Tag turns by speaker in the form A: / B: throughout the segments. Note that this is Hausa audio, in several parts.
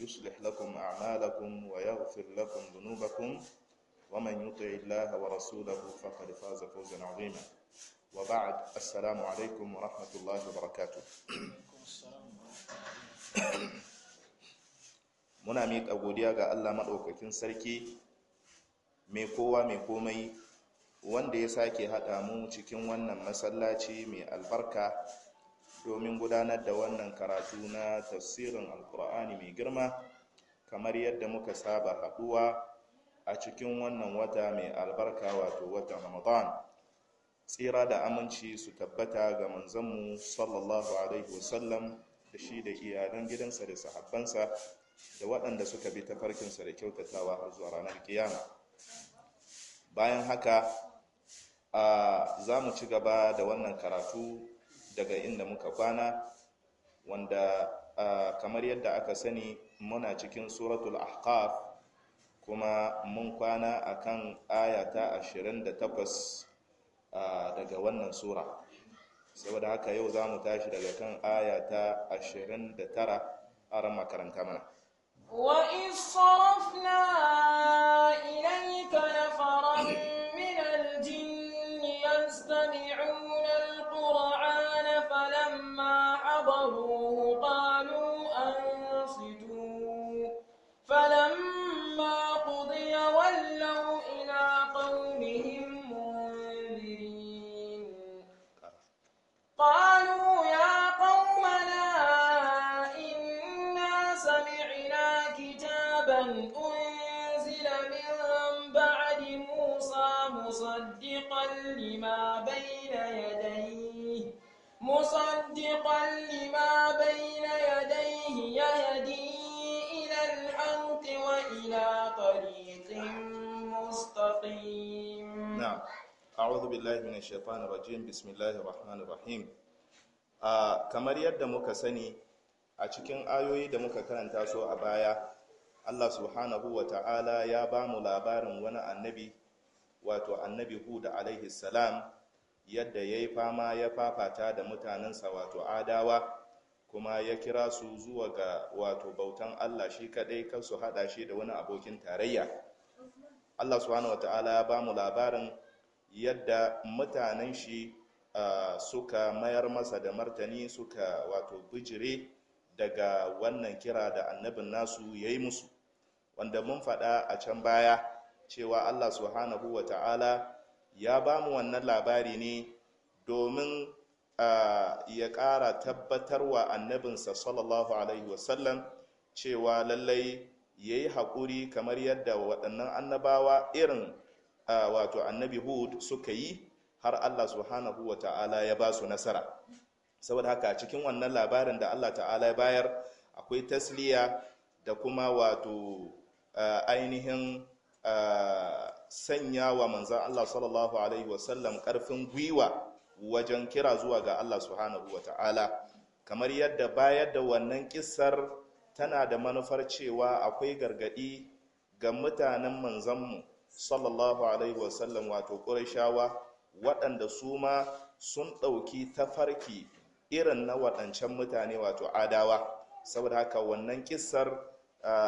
A: يصلح لكم أعمالكم ويغفر لكم ذنوبكم ومن يطع الله ورسوله فقد فاز فوزا عظيما وبعد السلام عليكم ورحمة الله وبركاته muna miƙa godiya ga Allah maɗaukakin sarki mai kowa mai komai wanda ya sake haɗa mu cikin wannan masallaci mai albarka domin gudanar da wannan karatu na tafsirin alkur'ani mai girma kamar yadda muka saba haɗuwa a cikin wannan wata mai albarka wato wata ramadan tsira da aminci su tabbata ga manzanmu sallallahu alaihi wasallam da shi da iyalan gidansa da sahabbansa da waɗanda suka bi ta farkinsa da kyautatawa har zuwa ranar kiyama bayan haka za mu ci gaba da wannan karatu daga inda muka kwana wanda kamar yadda aka sani muna cikin suratul ahqaf kuma mun kwana akan ayata 28 daga wannan sura saboda haka yau za mu tashi daga kan ayata 29 a ran makaranta mana
B: وإذ صرفنا إليك نفرا
A: billahi min shaitan rajim bismillahir rahmanir rahim kamar yadda muka sani a cikin ayoyi da muka karanta so a baya Allah subhanahu wa ta'ala ya ba mu labarin wani annabi wato annabi Hud alaihi salam yadda yayi fama ya fafata da mutanensa wato adawa kuma ya kira su zuwa ga wato bautan Allah shi kadai kan su hada shi da wani abokin tarayya Allah subhanahu wataala ya bamu labarin yadda mutanen shi suka mayar masa da martani suka wato bijire daga wannan kira da annabin nasu ya yi musu wanda mun faɗa a can baya cewa allah subhanahu wa ta'ala ya ba mu wannan labari ne domin ya ƙara tabbatar wa annabinsa sallallahu alaihi wasallam cewa lallai ya yi haƙuri kamar yadda waɗannan annabawa irin wato annabi hud suka yi har allah subhanahu wa ta'ala ya ba su nasara saboda haka cikin wannan labarin da allah ta'ala ya bayar akwai tasliya da kuma wato ainihin sanya wa manzan allah sallallahu alaihi wasallam karfin gwiwa wajen kira zuwa ga allah subhanahu wa ta'ala kamar yadda bayar da wannan kisar tana da manufar cewa akwai gargadi ga mutanen manzanmu sallallahu alaihi wasallam wato ƙurashawa waɗanda su ma sun ɗauki tafarki irin na waɗancan mutane wato adawa saboda haka wannan ƙisar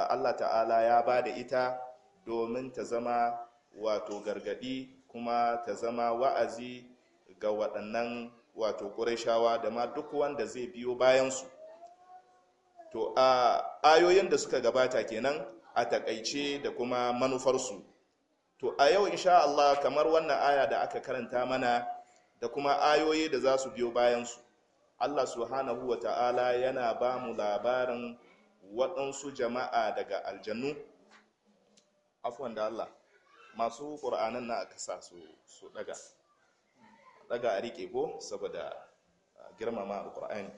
A: allah ta'ala ya ba da ita domin ta zama wato gargaɗi kuma ta zama wa'azi ga waɗannan wato ƙurashawa da ma duk wanda zai biyo bayansu to a ayoyin da suka gabata kenan a takaice da kuma manufarsu to a yau insha Allah kamar wannan aya da aka karanta mana da kuma ayoyi da za su biyo bayansu Allah subhanahu wa ta'ala yana ba mu labarin waɗansu jama'a daga aljannu afuwan da Allah masu ƙur'anan na aka sa su daga daga a riƙe ko saboda ah, girmama ƙur'ani.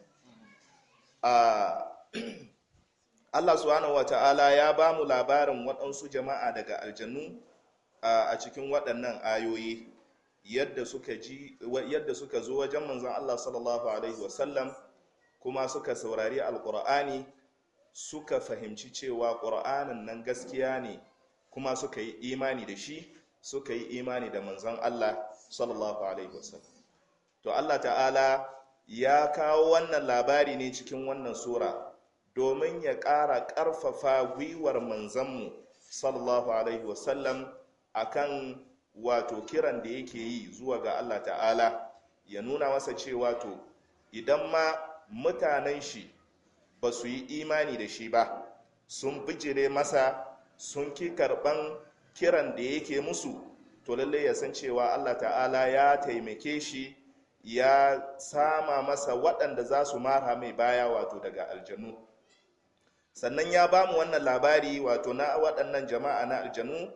A: Ah, Allah subhanahu wa ta'ala ya ba mu labarin waɗansu jama'a daga aljannu a cikin waɗannan ayoyi yadda suka zo wajen manzan Allah sallallahu alaihi wasallam kuma suka saurari alqur'ani suka fahimci cewa Ƙur'anin nan gaskiya ne kuma suka yi imani da shi suka yi imani da manzan Allah sallallahu alaihi wasallam to Allah ta'ala ya kawo wannan labari ne cikin wannan sura domin ya ƙara ƙarfafa gwiwar manzanmu sallallahu alaihi wasallam akan wato kiran da yake yi zuwa ga Allah ta'ala ya nuna masa cewa to idan ma mutanen shi ba su yi imani da shi ba sun bijire masa sun ki karban kiran da yake musu to lalle ya san cewa Allah ta'ala ya taimake shi ya sama masa waɗanda za su mara mai baya wato daga aljanu sannan ya bamu wannan labari wato na waɗannan jama'a na aljanu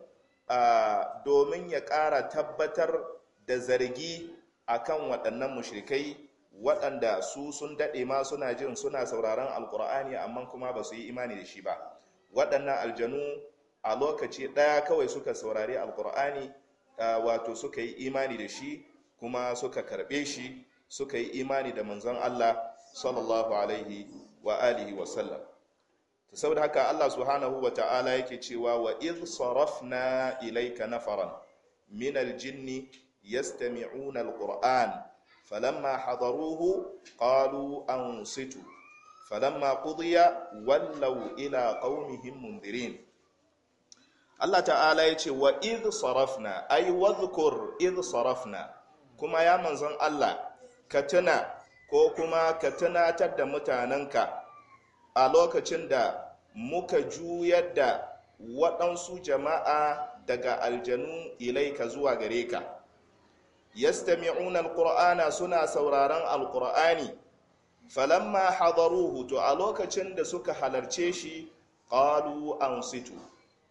A: domin ya ƙara tabbatar da zargi akan waɗannan mushrikai waɗanda su sun daɗe ma suna jin suna sauraron alkur'ani amma kuma ba su yi imani da shi ba waɗannan aljanu a lokaci ɗaya kawai suka saurari alkur'ani wato suka yi imani da shi kuma suka karɓe shi suka yi imani da manzon allah sallallahu alaihi wa alihi wasallam to saboda haka Allah subhanahu wa ta'ala yake cewa wa in sarafna ilayka nafaran min aljinni yastami'una alquran falamma hadaruhu qalu ansitu falamma qudiya wallaw ila qaumihim mundirin Allah ta'ala ya ce wa idh sarafna ay wadhkur idh sarafna kuma ya manzon Allah ka tuna ko kuma ka tunatar da mutanenka a lokacin da muka juyar da waɗansu jama'a daga aljanu ilaika zuwa gare ka yastami'una alqur'ana suna sauraron alqur'ani falamma hadaruhu to a lokacin da suka halarce shi qalu ansitu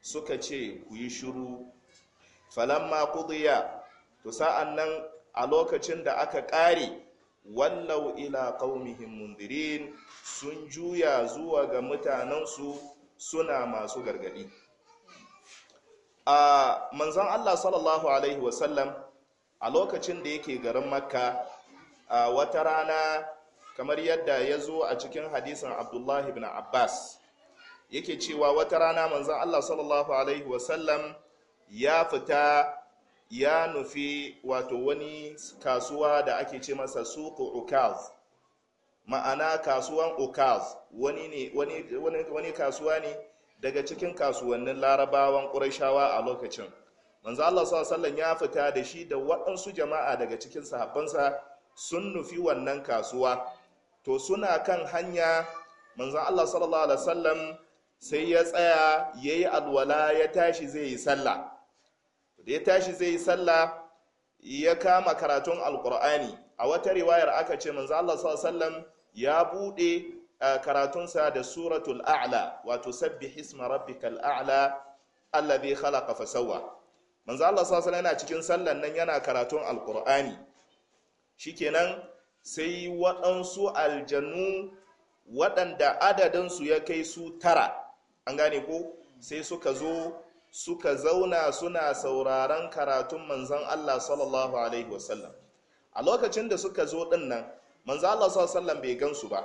A: suka ce ku yi shiru falamma qudiya to sa'an nan a lokacin da aka ƙare wallau ila qaumihim mundirin sun juya zuwa ga mutanensu suna masu gargadi a manzan allah sallallahu alaihi wasallam a lokacin da yake garin makka a wata rana kamar yadda ya zo a cikin hadisin abdullahi bin abbas yake cewa wata rana manzan allah sallallahu alaihi wasallam ya fita ya nufi wato wani kasuwa da ake ce masa suku ukaz ma'ana kasuwan ukaz wani kasuwa ne daga cikin kasuwannin larabawan ƙurashawa a lokacin manzo Allah sallallahu ya fita da shi da waɗansu jama'a daga cikin sahabbansa sun nufi wannan kasuwa to suna kan hanya manzo Allah sallallahu alaihi wasallam sai ya tsaya yayi alwala ya tashi zai yi sallah da ya tashi zai yi sallah ya kama karatun alqur'ani a wata riwayar aka ce manzo Allah sallallahu alaihi wasallam ya buɗe eh, karatunsa da suratul a'la wato sabbi isma rabbikal a'la alladhi khalaqa fasawa manzo Allah sallallahu alaihi yana cikin sallan nan yana karatun alqur'ani shikenan sai waɗansu aljanu waɗanda adadinsu ya kai su tara an gane ko sai suka zo suka zauna suna sauraron karatun manzon Allah sallallahu alaihi wasallam a lokacin da suka zo ɗinnan. manzo Allah sallallahu bai gansu ba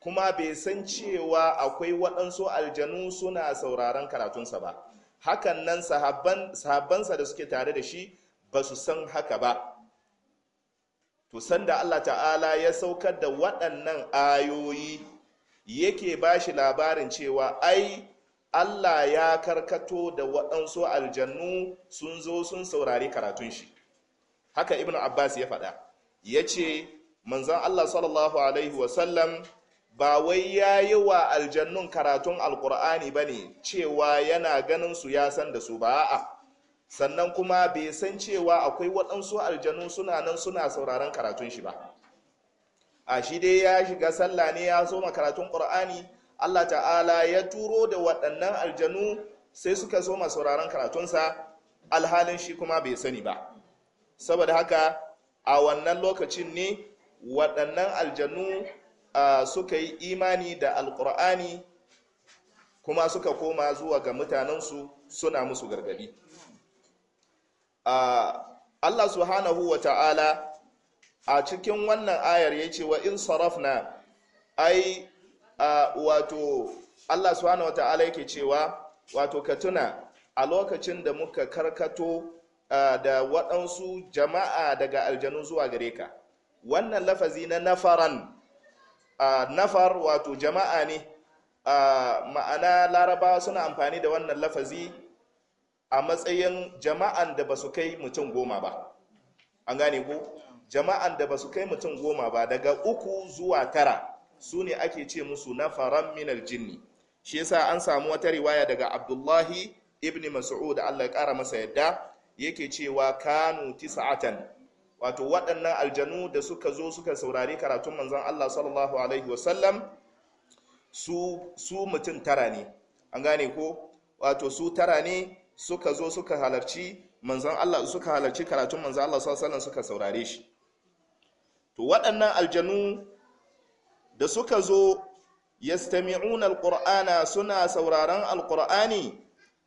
A: kuma bai san cewa akwai waɗansu aljanu suna sauraron karatunsa ba hakan nan sahabbansa da suke tare da shi ba su san haka ba to sanda Allah ta'ala ya saukar da waɗannan ayoyi yake ba shi labarin cewa ai Allah ya karkato da waɗansu aljanu sun zo sun saurari karatun shi haka ibn abbas ya faɗa ya ce manzan Allah sallallahu alaihi wasallam ba wai ya yi wa aljannun karatun alkur'ani ba ne cewa yana ganin su ya san da su ba a sannan kuma bai san cewa akwai waɗansu aljannun suna nan suna sauraron karatun shi ba a shi dai ya shiga sallah ne ya soma karatun ƙur'ani allah ta'ala ya turo da waɗannan aljanu sai suka soma sauraron karatunsa alhalin shi kuma bai sani ba saboda haka a wannan lokacin ne waɗannan aljanu suka yi imani da alkur'ani kuma suka koma zuwa ga mutanensu suna musu gargadi Allah subhanahu wa ta'ala a cikin wannan ayar ya ce wa in sarafna ai wato Allah subhanahu wa ta'ala yake cewa wato ka tuna a lokacin da muka karkato da waɗansu jama'a daga aljanu zuwa gare ka wannan lafazi na nafaran nafar wato jama'a ne ma'ana larabawa suna amfani da wannan lafazi a matsayin jama'an da ba su kai mutum goma ba an gane ku jama'an da ba su kai mutum goma ba daga uku zuwa tara su ne ake ce musu nafaran minar jini. shi yasa an samu wata riwaya daga abdullahi ibn mas'ud Allah ya kara masa yadda yake cewa kanu tis'atan wato waɗannan aljanu da suka zo suka saurari karatun manzan Allah sallallahu alaihi wasallam su mutum tara ne an gane ko wato su tara ne suka zo suka halarci manzan Allah suka halarci karatun manzon Allah sallallahu alaihi wasallam suka saurare shi to waɗannan aljanu da suka zo yastami'una alqur'ana suna sauraron alqur'ani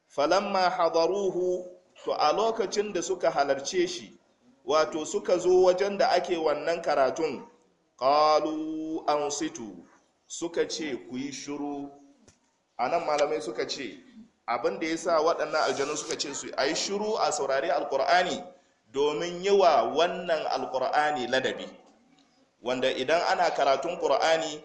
A: falamma hadaruhu to a lokacin da suka halarce shi wato suka zo wajen da ake wannan karatun Kalu An-situ suka ce ku yi A anan malamai suka ce abin da sa waɗannan aljanu suka ce su yi shuru a saurari alkur'ani domin yi wa wannan alkur'ani ladabi wanda idan ana karatun ƙur'ani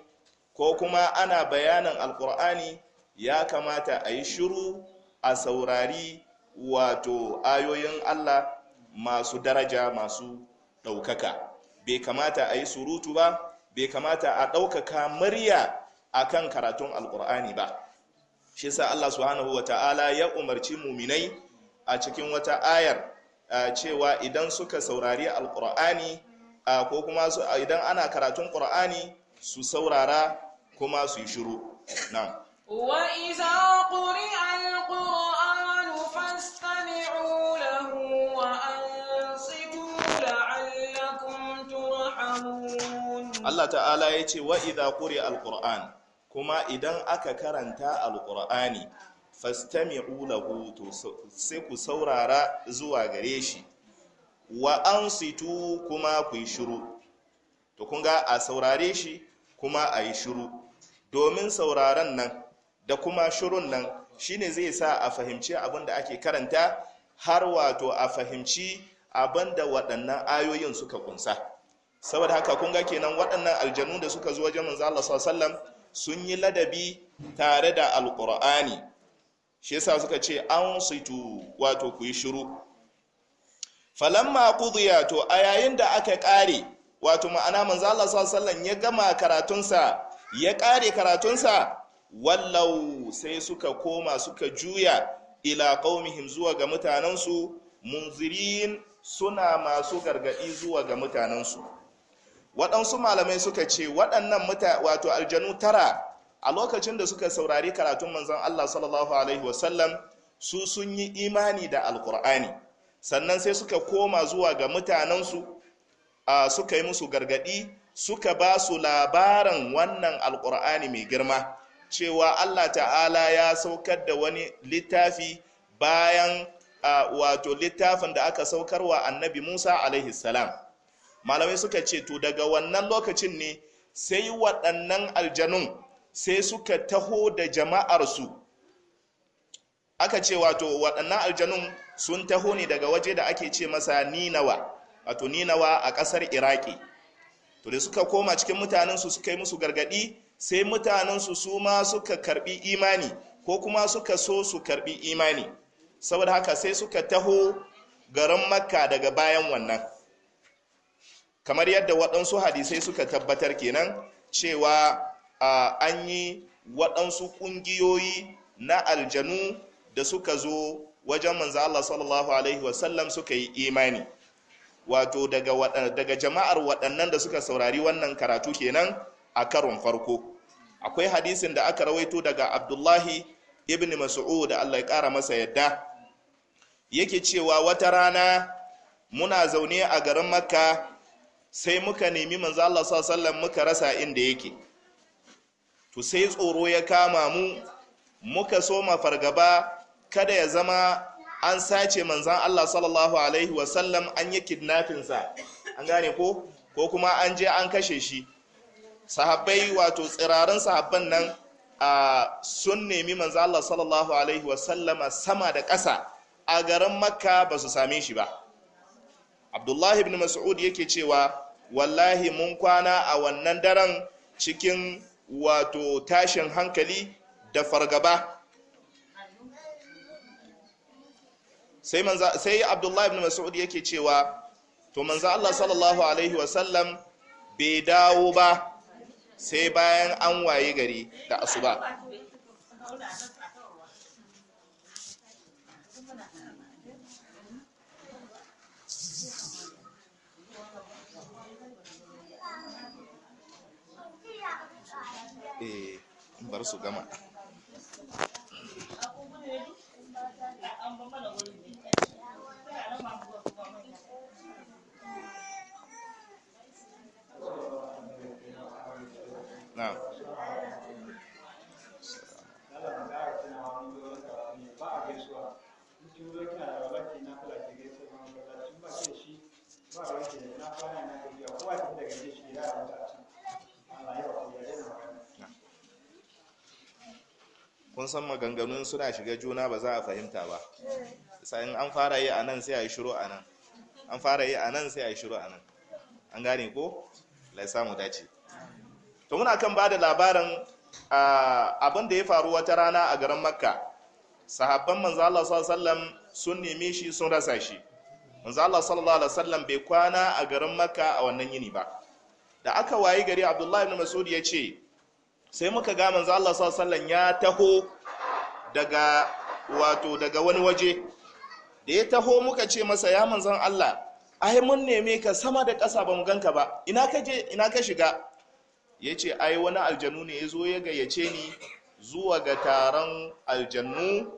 A: ko kuma ana bayanin alkur'ani ya kamata a yi shuru a saurari wato ayoyin Allah masu daraja masu ɗaukaka bai kamata a yi surutu ba bai kamata a ɗaukaka murya a kan karatun alƙur'ani ba shi sa allah subhanahu wa ta'ala ya umarci muminai a cikin wata ayar cewa idan suka saurari alƙur'ani ko kuma idan ana karatun ƙur'ani su saurara kuma su yi shiru na
B: وإذا قرئ القرآن
A: Allah ta'ala ya ce wa idha quri alquran kuma idan aka karanta alqurani fastami'u lahu to sai ku saurara zuwa gare shi wa ansitu kuma ku yi shiru to kun a saurare shi kuma a yi shiru domin sauraron nan da kuma shirun nan shine zai sa a fahimci abin da ake karanta har wato a fahimci abin da waɗannan ayoyin suka kunsa saboda haka kun ga kenan waɗannan aljanu da suka zo wajen manzo Allah sun yi ladabi tare da alqur'ani shi yasa suka ce an situ wato ku yi shiru falamma qudiya to a yayin da aka kare wato ma'ana manzo Allah sallallahu ya gama karatunsa ya kare karatunsa wallau sai suka koma suka juya ila qaumihim zuwa ga mutanensu munzirin suna masu gargaɗi zuwa ga mutanensu waɗansu malamai suka ce waɗannan muta wato aljanu tara a lokacin da suka saurari karatun manzon Allah sallallahu alaihi wasallam su sun yi imani da alkur'ani sannan sai suka koma zuwa ga mutanensu suka yi musu gargaɗi suka ba su labaran wannan alkur'ani mai girma cewa Allah ta'ala ya saukar da wani littafi bayan wato littafin da aka saukarwa annabi Musa alaihi salam malamai suka ce to daga wannan lokacin ne sai waɗannan aljanun sai suka taho da jama'arsu aka ce wato waɗannan aljanun sun taho ne daga waje da ake ce masa ninawa wato ninawa a ƙasar iraki to da suka koma cikin mutanensu suka yi musu gargaɗi sai mutanensu su ma suka karɓi imani ko kuma suka so su karɓi imani saboda haka sai suka taho garin makka daga bayan wannan kamar yadda waɗansu hadisai suka tabbatar kenan cewa an yi waɗansu ƙungiyoyi na aljanu da suka zo wajen manzo Allah sallallahu alaihi wasallam suka yi imani wato daga jama'ar waɗannan da suka saurari wannan karatu kenan a karon farko akwai hadisin da aka rawaito daga abdullahi ibn mas'ud Allah ya ƙara masa yadda yake cewa wata rana muna zaune a garin makka sai muka nemi manzo Allah sallallahu muka rasa inda yake to sai tsoro ya kama mu muka soma fargaba kada ya zama an sace manzan Allah sallallahu alaihi wasallam an yi kidnapping sa an gane ko ko kuma an je an kashe shi sahabbai wato tsirarin sahabban nan sun nemi manzo Allah sallallahu alaihi wasallama sama da ƙasa a garin makka ba su same shi ba abdullahi ibn mas'ud yake cewa wallahi mun kwana a wannan daren cikin wato tashin hankali da fargaba sai manza sai abdullahi ibn mas'ud yake cewa to manza Allah sallallahu alaihi wasallam bai dawo ba sai bayan an waye gari da asuba eh bar su gama Now. kun san maganganun suna shiga juna ba za a fahimta ba in an fara yi a nan sai a yi shiru a nan an fara yi a nan sai a yi shiru a nan an gane ko lai samu dace to muna kan ba da labarin abin da ya faru wata rana a garin makka sahabban manzo Allah sallallahu alaihi wasallam sun nemi shi sun rasa shi manzo Allah sallallahu alaihi wasallam bai kwana a garin makka a wannan yini ba da aka wayi gari abdullahi ibn mas'ud ya ce sai muka ga manzo Allah sallallahu ya taho daga wato daga wani waje da ya taho muka ce masa ya manzon Allah ai mun neme ka sama da ƙasa ba mu ganka ba ina ka je ina ka shiga yace ai wani aljanu ne yazo ya gayyace ni zuwa ga taron aljannu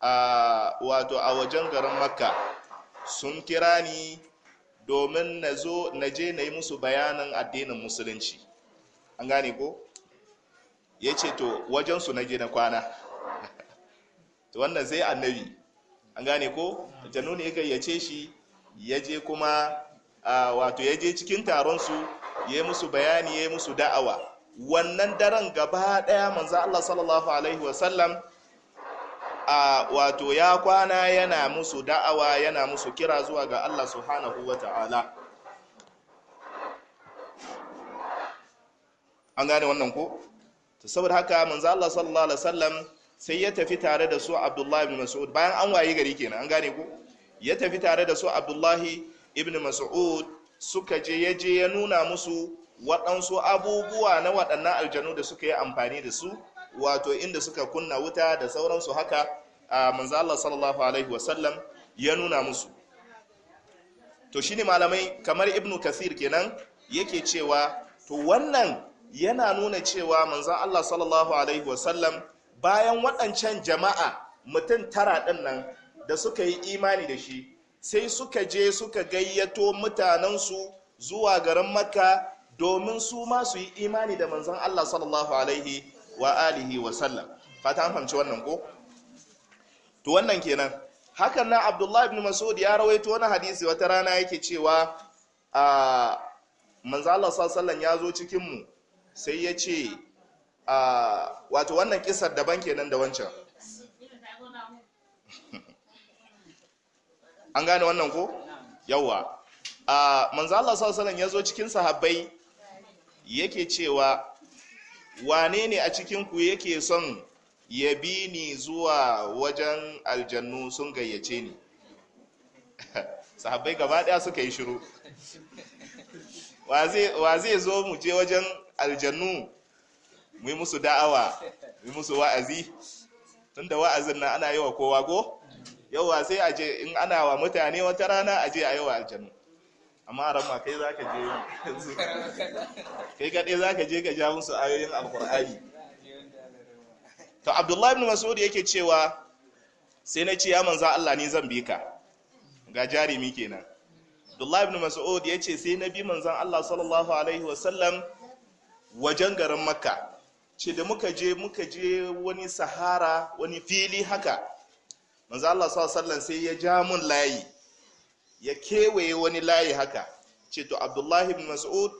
A: a wato a wajen garin Makka sun kira ni domin na zo na je na yi musu bayanin addinin musulunci an gane ko ya ce to wajensu na gina kwana to wannan sai annabi an gane ko aljanu ne ya gayyace shi ya je kuma wato ya je cikin taronsu ya yi musu bayani ya yi musu da'awa wannan daren gaba daya manza Allah sallallahu alaihi wasallam a wato ya kwana yana musu da'awa yana musu kira zuwa ga Allah subhanahu ta'ala an gane wannan ko to saboda haka manzo Allah sallallahu alaihi wasallam sai ya tafi tare da su Abdullahi ibn Mas'ud bayan an waye gari kenan an gane ku ya tafi tare da su Abdullahi ibn Mas'ud suka je ya je ya nuna musu waɗansu abubuwa na waɗannan aljanu da suka yi amfani da su wato inda suka kunna wuta da sauransu haka a manzo Allah sallallahu alaihi wasallam ya nuna musu to shine malamai kamar ibnu kasir kenan yake cewa to wannan yana nuna cewa manzan Allah sallallahu alaihi wasallam bayan waɗancan jama'a mutum tara ɗin nan da suka yi imani da shi sai suka je suka gayyato mutanensu zuwa garin makka domin su ma su yi imani da manzan Allah sallallahu alaihi wa alihi wasallam fata an fahimci wannan ko to wannan kenan hakan nan abdullahi ibn mas'ud ya rawaito wani hadisi wata rana yake cewa a ah, manzo Allah sallallahu alaihi wasallam ya zo cikin mu sai ya ce ah, wato wannan kisar daban kenan da wancan an gane wannan ko yawa ah, manzo Allah sallallahu alaihi ya zo cikin sahabbai yake cewa wane ne a cikinku yake son ya bi ni zuwa wajen aljannu sun gayyace ni sahabbai gaba daya suka yi shiru wa zai zo mu je wajen aljannu mu yi musu da'awa mu yi musu wa'azi Tun da wa'azin nan ana yi wa kowa go yauwa sai a je in ana wa mutane wata rana a je a yi wa aljannu amma a ramma kai za ka je kai kaɗai za ka je ka ja musu ayoyin alkur'ani to abdullahi ibn mas'ud yake cewa sai na ce ya za Allah ni zan bi ka ga jarimi kenan abdullahi ibn ya ce sai na bi manzan Allah sallallahu alaihi wasallam wajen garin makka ce da muka je muka je wani sahara wani fili haka manzo Allah sallallahu sai ya ja mun layi ya kewaye wani layi haka ce to Abdullahi ibn Mas'ud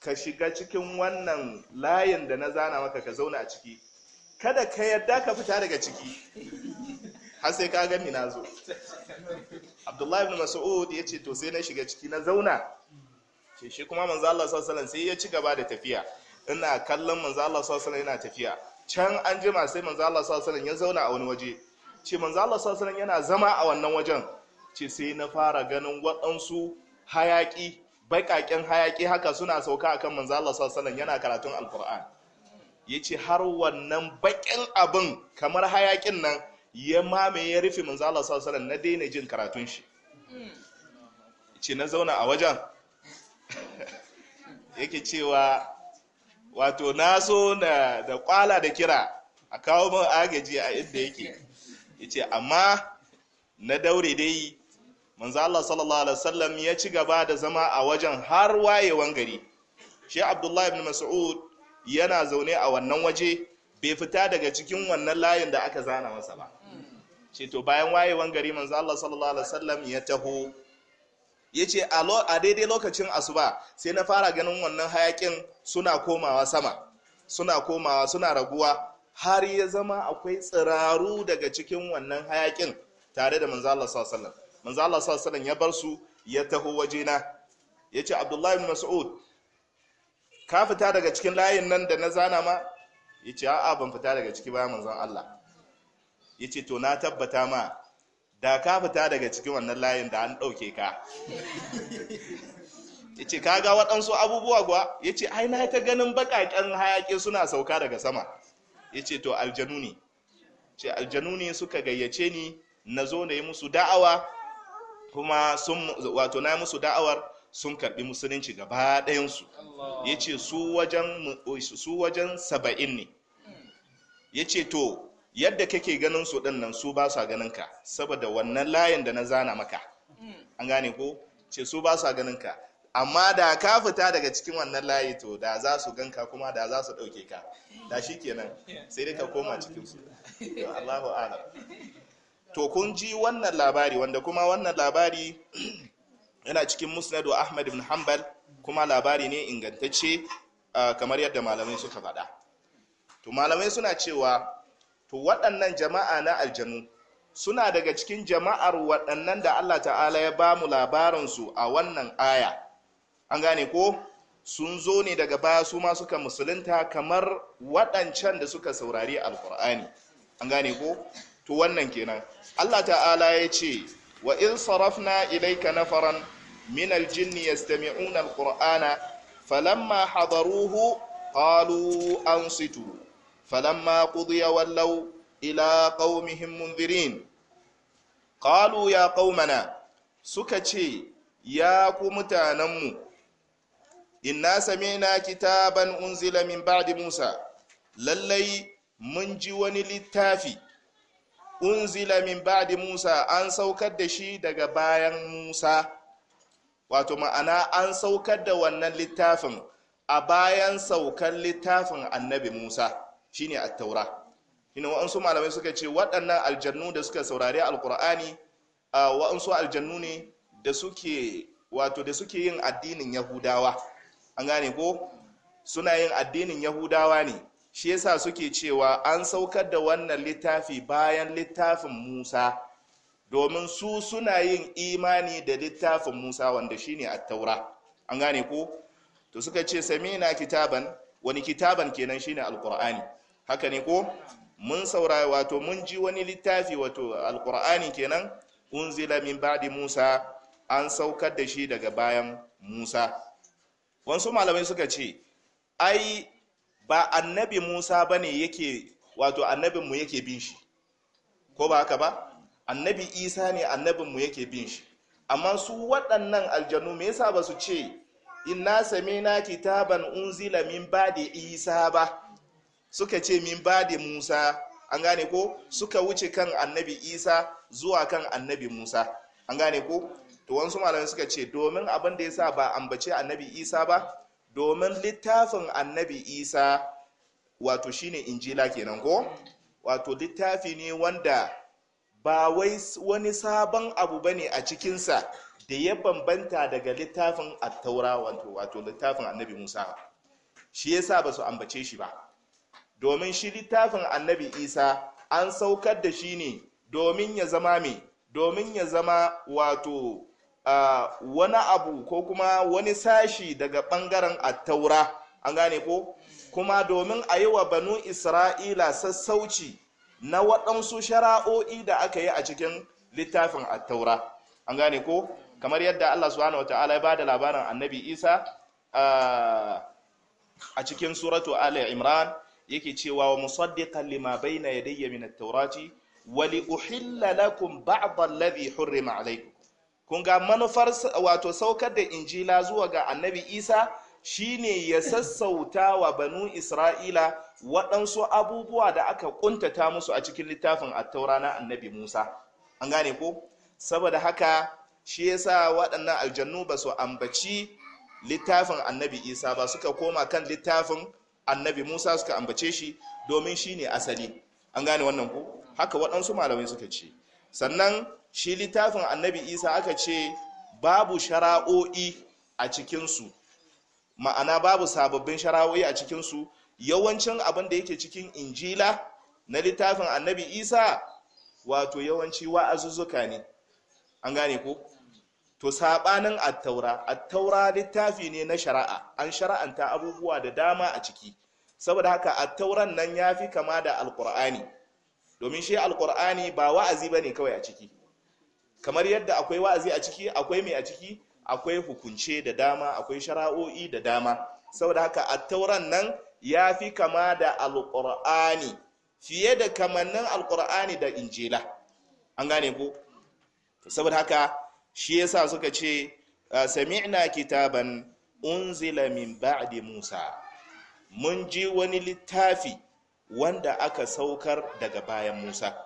A: ka shiga cikin wannan layin da na zana maka ka zauna a ciki kada ka yadda ka fita daga ciki har sai ka gani na zo Abdullahi ibn Mas'ud ya ce to sai na shiga ciki na zauna ce shi kuma manzo Allah sallallahu alaihi sai ya ci gaba da tafiya ina kallon manzo Allah sallallahu alaihi yana tafiya can an jima sai manzo Allah sallallahu alaihi ya zauna a wani waje ce manzo Allah sallallahu alaihi yana zama a wannan wajen ce sai na fara ganin waɗansu hayaki baƙaƙen hayaki haka suna sauka akan manzo Allah sallallahu alaihi yana karatun alquran yace har wannan baƙin abin kamar hayakin nan ya mamaye ya rufe manzo Allah sallallahu alaihi na daina jin karatun shi ce na zauna a wajen yake cewa wato na so na da kwala da kira a kawo min agaji a inda yake yace amma na daure dai manzo Allah sallallahu alaihi wasallam ya ci gaba da zama a wajen har wayewan gari shi Abdullah ibn Mas'ud yana zaune a wannan waje bai fita daga cikin wannan layin da aka zana masa ba ce to bayan wayewan gari manzo Allah sallallahu alaihi wasallam ya taho ya ce a daidai lokacin asuba sai na fara ganin wannan hayakin suna komawa sama suna komawa suna raguwa har ya zama akwai tsiraru daga cikin wannan hayakin tare da manzala sassanin manzala sassanin ya bar su ya taho wajena ya ce abdullahi mas'ud ka fita daga cikin layin nan da na zana ma ya ce a'a ban fita daga ciki ba manzan allah ya ce to na tabbata ma da ka fita daga cikin wannan layin da an ɗauke ka ya ce kaga waɗansu abubuwa kuwa ya ce ai na ta ganin baƙaƙen hayaƙi suna sauka daga sama ya ce to aljanu ne ce aljanu ne suka gayyace ni na zo na yi musu da'awa kuma sun wato na yi musu da'awar sun karɓi musulunci gaba ɗayansu ya ce su wajen saba'in ne ya ce to yadda kake ganin su din nan su ba sa ganin ka saboda wannan layin da na zana maka an gane ko ce su ba sa ganin ka amma da ka fita daga cikin wannan layi to da za su ganka kuma da za su ɗauke ka da shi kenan sai dai ka koma cikin su Allahu alam to kun ji wannan labari wanda kuma wannan labari yana cikin musnadu Ahmad ibn Hanbal kuma labari ne ingantacce ah, kamar yadda malamai suka faɗa to malamai suna cewa to waɗannan jama'a na aljanu suna daga cikin jama'ar waɗannan da Allah ta'ala ya ba mu labaransu a wannan aya an gane ko sun zo ne daga baya su ma suka musulunta kamar waɗancan da suka saurari alkur'ani an gane ko to wannan kenan Allah ta'ala ya ce wa in sarafna ilayka nafaran min aljinni yastami'una alqur'ana falamma hadaruhu qalu ansitu فلما قضي ولوا إلى قومهم منذرين قالوا يا قومنا سكتشي يا كمتانمو إنا سمعنا كتابا أنزل من بعد موسى للي منجي ونلتافي unzila min ba'di Musa an saukar da shi daga bayan Musa wato ma'ana an saukar da wannan littafin a bayan saukar littafin annabi Musa shine at-taura ina wa'ansu malamai suka ce waɗannan aljannu da suka saurari alkur'ani wa'ansu aljannu ne da suke wato da suke yin addinin yahudawa an gane ko suna yin addinin yahudawa ne shi yasa suke cewa an saukar da wannan littafi bayan littafin musa domin su suna yin imani da littafin musa wanda shine at-taura an gane ko to suka ce samina kitaban wani kitaban kenan shine alkur'ani haka ne ko mun saurari wato mun ji wani littafi wato alkur'ani kenan unzila min ba'di musa an saukar da shi daga bayan musa wasu malamai suka ce ai ba annabi musa ba ne yake wato annabinmu yake bin shi ko ba haka ba annabi isa ne annabinmu yake bin shi amma su waɗannan aljanu me yasa ba su ce inna sami na kitaban unzila min ba'di isa ba suka ce min da musa an gane ko suka wuce kan annabi isa zuwa kan annabi musa an gane ko to wasu malamai suka ce domin abin da ya sa ba ambace annabi isa ba domin littafin annabi isa wato shine injila kenan ko wato littafi ne wanda ba wai wani sabon abu bane a cikinsa da ya bambanta daga littafin attaura wato littafin annabi musa shi yasa ba su ambace shi ba domin shi littafin annabi isa an saukar da shi ne domin ya zama mai domin ya zama wato wani abu ko kuma wani sashi daga ɓangaren attaura an gane ko kuma domin a yi wa banu isra'ila sassauci na waɗansu shara'o'i da aka yi a cikin littafin attaura an gane ko kamar yadda allah subhanahu ta'ala ya ba da labarin annabi isa a cikin suratu ali imran yake cewa wa musaddiqan lima bayna yadayya min at-taurati wa li uhilla lakum ba'd alladhi hurrima alaykum kun ga manufar wato saukar da injila zuwa ga annabi isa shine ya sassauta wa banu isra'ila waɗansu abubuwa da aka kuntata musu a cikin littafin attaura na annabi musa an gane ko saboda haka shi yasa waɗannan aljannu ba su ambaci littafin annabi isa ba suka koma kan littafin annabi musa suka ambace shi domin shi ne asali an gane wannan ku haka waɗansu malamai suka ce sannan shi littafin annabi isa aka ce babu shara'o'i a cikinsu ma'ana babu sababbin shara'o'i a cikinsu yawancin abin da yake cikin injila na littafin annabi isa wato yawanci wa'azuzzuka ne an gane ku? to sabanin attaura attaura littafi ne na shari'a an shari'anta abubuwa da dama a ciki saboda haka attauran nan ya fi kama da alkur'ani domin shi alkur'ani ba wa'azi ba ne kawai a ciki kamar yadda akwai wa'azi a ciki akwai mai a ciki akwai hukunce da dama akwai shara'o'i da dama saboda haka attauran nan ya fi kama da alkur'ani fiye da kamannin alkur'ani da injila an gane ku saboda haka shi yasa suka ce sami'na kitaban unzila min ba'di musa mun ji wani littafi wanda aka saukar daga bayan musa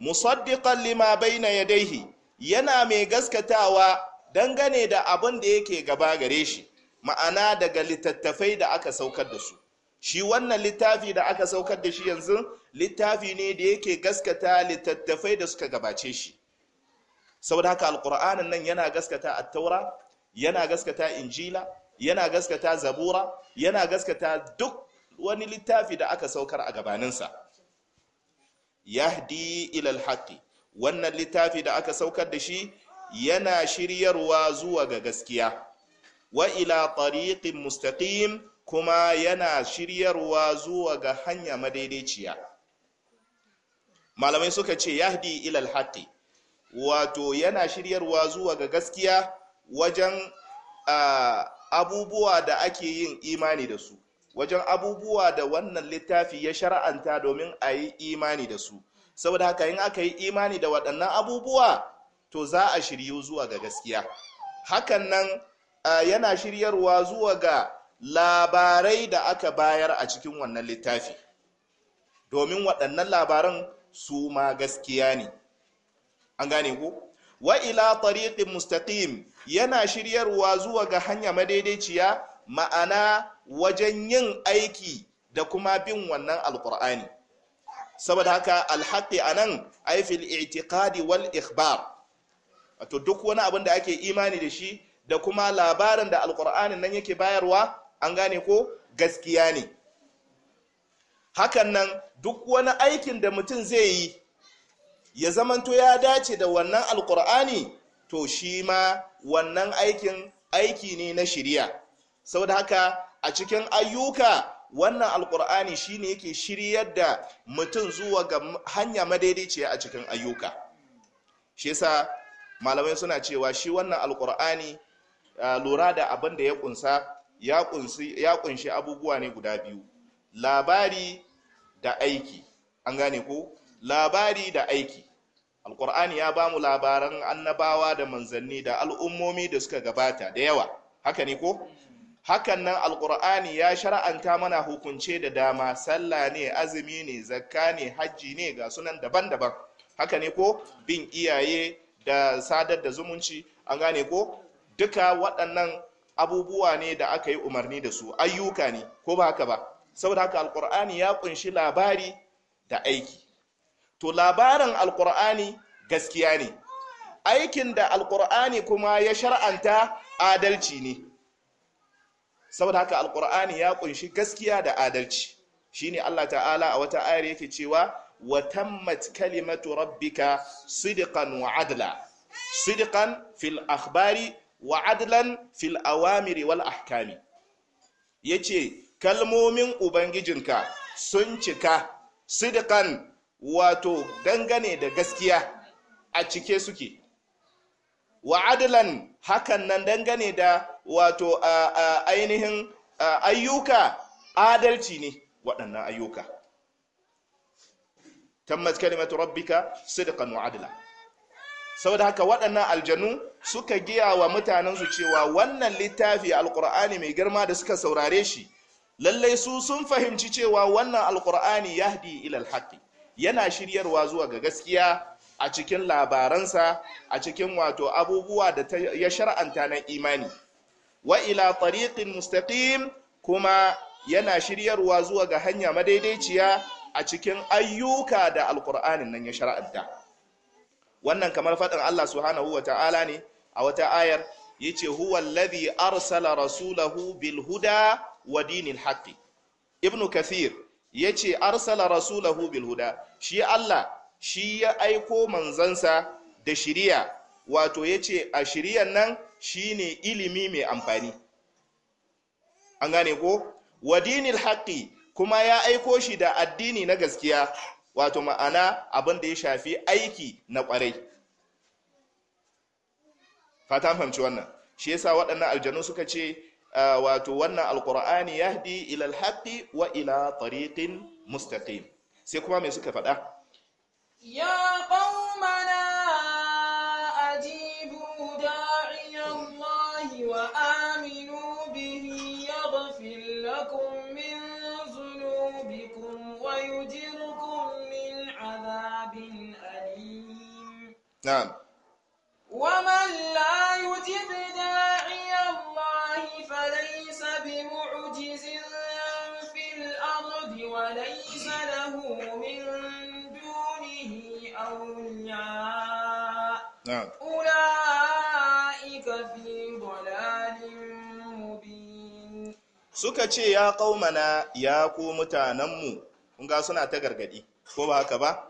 A: musaddiqan lima baina yadayhi yana mai gaskatawa dangane da abin da yake gaba gare shi ma'ana daga littattafai da aka saukar da su shi wannan littafi da aka saukar da shi yanzu littafi ne da yake gaskata littattafai da suka gabace shi da haka alqur'anin nan yana gaskata a taura yana gaskata injila yana gaskata zabura yana gaskata duk wani littafi da aka saukar a gabaninsa yahdi ilal haqqi wannan littafi da aka saukar da shi yana shiryarwa zuwa ga gaskiya wa ila tariqin mustaqim kuma yana shiryarwa zuwa ga hanya madaidaiciya malamai suka ce yahdi ilal haqqi wato yana shiryarwa zuwa ga gaskiya wajen abubuwa da ake yin imani da su wajen abubuwa da wannan littafi ya shara'anta domin a yi imani da su saboda haka yin aka yi imani da waɗannan abubuwa to za a shiryu zuwa ga gaskiya hakan nan yana shiryarwa zuwa ga labarai da aka bayar a cikin wannan littafi domin waɗannan labaran su ma gaskiya ne an gane ku. wa ila tariqin mustaqim yana shiryarwa zuwa ga hanya madaidaiciya ma'ana wajen yin aiki da kuma bin wannan alqur'ani saboda haka alhaqi anan ay fil i'tiqadi wal ikhbar wato duk wani abin da ake imani da shi da kuma labarin da alqur'anin nan yake bayarwa an gane ko gaskiya ne hakan nan duk wani aikin da mutum zai yi ya zamanto ya dace da wannan alkur'ani to shi ma wannan aikin aiki ne na shirya Sau da haka a cikin ayyuka wannan alkur'ani shi ne yake shiryar da mutum zuwa ga hanya madaidaiciya a cikin ayyuka shi sa malamai suna cewa shi wannan alkur'ani lura da abin da ya kunsa ya kunshi abubuwa ne guda biyu labari da aiki an gane ko labari da aiki alkur'ani ya bamu labaran annabawa da manzanni da al'ummomi da suka gabata da yawa haka ne ko hakan nan alkur'ani ya shara'anta mana hukunce da dama sallah ne azumi ne zakka ne hajji ne ga sunan daban-daban haka ne ko bin iyaye da sadar da zumunci an gane ko duka waɗannan abubuwa ne da aka yi umarni da su ayyuka ne ko ba haka ba saboda haka alkur'ani ya kunshi labari da aiki to labarin alkur'ani gaskiya ne aikin da alkur'ani kuma ya shar'anta adalci ne saboda haka alkur'ani ya kunshi gaskiya da adalci shine Allah ta'ala a wata ayar yake cewa wa tammat kalimatu rabbika sidqan wa adla sidqan fil akhbari wa adlan fil awamiri wal ahkami yace kalmomin ubangijinka sun cika sidqan wato dangane da gaskiya a cike suke wa adalan hakan nan dangane da wato ainihin ayyuka adalci ne waɗannan ayyuka tammat kalimatu rabbika sidqan wa adla saboda haka waɗannan aljanu suka giya wa mutanensu cewa wannan littafi alkur'ani mai girma da suka saurare shi lallai su sun fahimci cewa wannan alkur'ani yahdi ilal alhaqi yana shiryarwa zuwa ga gaskiya a cikin labaransa a cikin wato abubuwa da ya shar'anta na imani wa ila tariqin mustaqim kuma yana shiryarwa zuwa ga hanya madaidaiciya a cikin ayyuka da alkur'anin nan ya shar'anta wannan kamar faɗin Allah subhanahu wata'ala ne a wata ayar yace huwa alladhi arsala rasulahu bil huda wa dinil haqqi ibnu kathir yace arsala rasulahu bil huda shi Allah shi ya aiko manzansa da shiriya wato ya ce a shiriyan nan shine ilimi mai amfani an gane ko wadinil haƙi kuma ya aiko shi da addini na gaskiya wato ma'ana abin da ya shafi aiki na ƙwarai fatan fahimci wannan shi yasa waɗannan aljanu suka ce wato wannan alƙur'ani yahdi ilal haƙi wa ila tariqin mustaqim sai kuma mai suka faɗa
B: ya qaumana ajibu da'iya Allah wa aminu bihi yaghfir lakum min dhunubikum wa yujirkum min azabin alim na'am ومن لا يجب داعي falai فليس بمعجز
A: suka ce ya kaumana ya ku mutanenmu ga suna ta gargaɗi, ko ba haka ba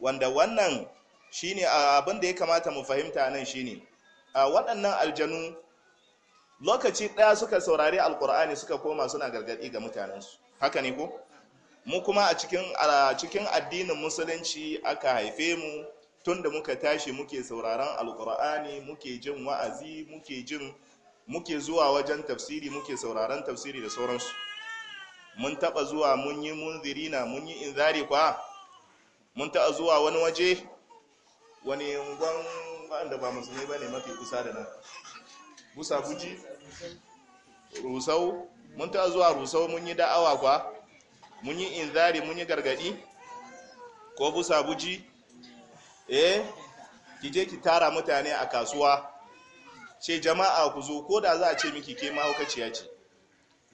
A: wanda wannan ne abin da ya kamata mu fahimta nan shi ne. a waɗannan aljanu lokaci ɗaya suka saurari Alƙur'ani suka koma suna gargaɗi ga mutanensu haka ne ko mu kuma a cikin addinin musulunci aka haife mu tun da muka tashi muke sauraron alkur'ani muke jin wa'azi muke jin muke zuwa wajen tafsiri muke sauraron tafsiri da sauransu mun taba zuwa mun yi munzirina mun yi inzari kwa mun taba zuwa wani waje wani yungon wanda ba musulmi ba ne mafi kusa da nan busa buji rusau mun taba zuwa rusau mun yi da'awa kwa mun yi inzari mun yi gargadi ko busa buji eh ki je ki tara mutane a kasuwa ce jama'a ku zo ko da za a ce miki ke mahaukaciya ce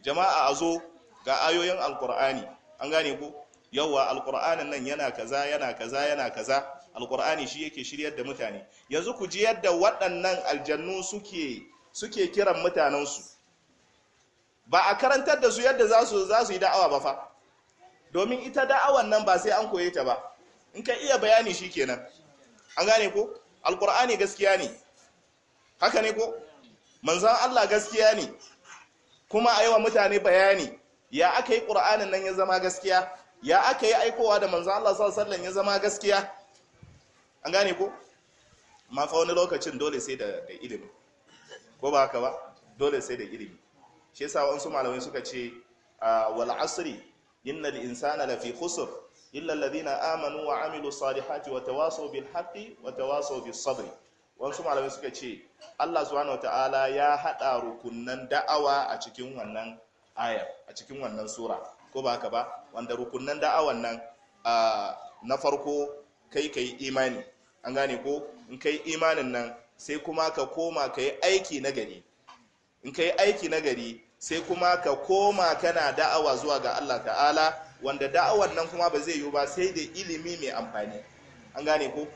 A: jama'a a zo ga ayoyin alkur'ani an gane ku yawwa alkur'anin nan yana kaza yana kaza yana kaza alkur'ani shi yake shiryar da mutane yanzu ku ji yadda waɗannan aljannu suke kiran mutanensu ba a karantar da su yadda za su yi da'awa ba fa domin ita da'awan nan ba sai an koye ta ba in ka iya bayani shi kenan an gane ko alkur'ani gaskiya ne haka ne ko manzan Allah gaskiya ne kuma a yi wa mutane bayani ya aka yi ƙura'anin nan ya zama gaskiya ya aka yi aikowa da manzan Allah sallan ya zama gaskiya an gane ko mafa wani lokacin dole sai da ilimi ko ba haka ba dole sai da ilimi shi yasa wasu malamai suka ce ah, wal asri innal insana lafi khusr illa alladhina amanu wa amilu salihati wa tawasaw bil haqqi wa tawasaw bis sabri. wasu malami suka ce Allah subhanahu wataala ya hada rukunnan da'awa a cikin wannan ayar a cikin wannan sura ko ba haka ba wanda rukunnan da'awan nan na farko kai ka yi imani an gane ko in kai imanin nan sai kuma ka koma ka yi aiki na gari in ka yi aiki na gari sai kuma ka koma kana da'awa zuwa ga Allah ta'ala wanda da'awar nan kuma ba zai yiwu ba sai da ilimi mai amfani an gane ko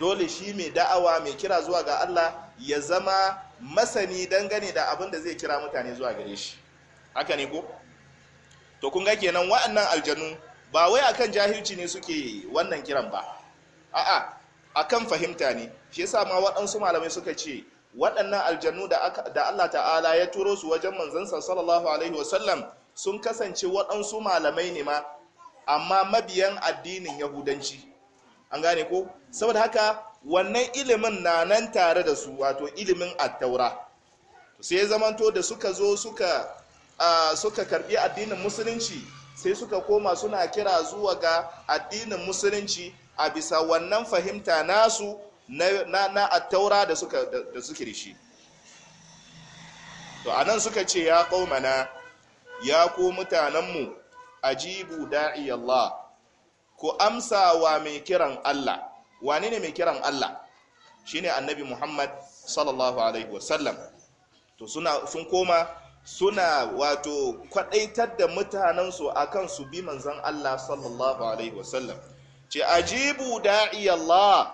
A: dole shi mai da'awa mai kira zuwa ga Allah ya zama masani dangane da abin da zai kira mutane zuwa gare shi haka ne ko to kun ga kenan wa'annan aljanu ba wai akan jahilci ne suke wannan kiran ba a'a akan fahimta ne shi yasa ma waɗansu malamai suka ce waɗannan aljannu da Allah ta'ala ya turo su wajen manzansa sallallahu alaihi wasallam sun kasance waɗansu malamai ne ma amma mabiyan addinin yahudanci an gane ko saboda haka wannan ilimin na nan tare da su wato ilimin attaura sai zamanto da suka zo suka suka karbi addinin musulunci sai suka koma suna kira zuwa ga addinin musulunci a bisa wannan fahimta nasu na attaura da suke da shi to anan suka ce ya qaumana ya ku mutanenmu ajibu da'i Allah ku amsa wa mai kiran Allah wane ne mai kiran Allah shine annabi Muhammad sallallahu alaihi wasallam to suna sun koma suna wato kwadaitar da mutanensu akan su bi manzon Allah sallallahu alaihi wasallam ce ajibu da'i Allah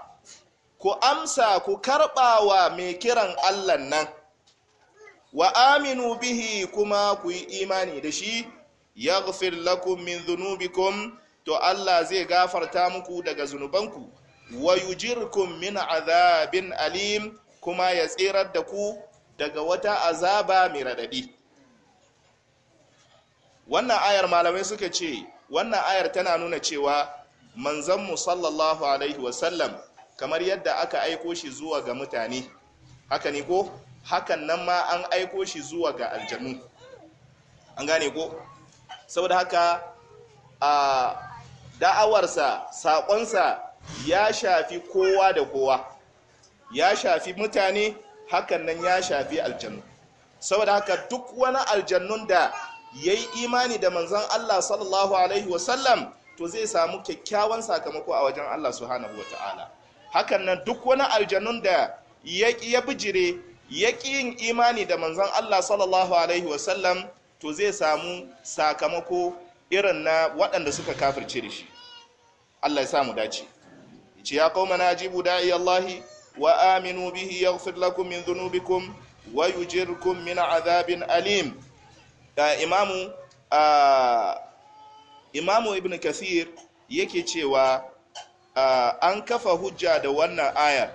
A: ku amsa ku karɓawa mai kiran Allah nan wa aminu bihi kuma ku yi imani da shi ya lakum min dhunubikum to Allah zai gafarta muku daga zunubanku wa yujirkum min azabin alim kuma ya tsirar da ku daga wata azaba mai raɗaɗi? wannan ayar malamai suka ce wannan ayar tana nuna cewa manzanmu sallallahu alaihi wasallam kamar yadda aka aiko shi zuwa ga mutane haka ne ko hakan nan ma an aiko shi zuwa ga aljanu an gane ko saboda haka a da'awarsa saƙonsa ya shafi kowa da kowa ya shafi mutane hakan nan ya shafi aljanu saboda haka duk wani aljannun da ya yi imani da manzan Allah sallallahu alaihi wasallam to zai samu kyakkyawan sakamako a wajen Allah su wa ta'ala hakan nan duk wani aljannun da ya bijire ya yin imani da manzon Allah sallallahu alaihi wasallam to zai samu sakamako irin na waɗanda suka kafirce da shi Allah ya samu dace ce ya na jibu iya Allahi wa aminu bihi yaghfir lakum min dhunubikum wa yujirkum min azabin alim imamu imamu ibn kathir yake cewa an kafa hujja da wannan ayar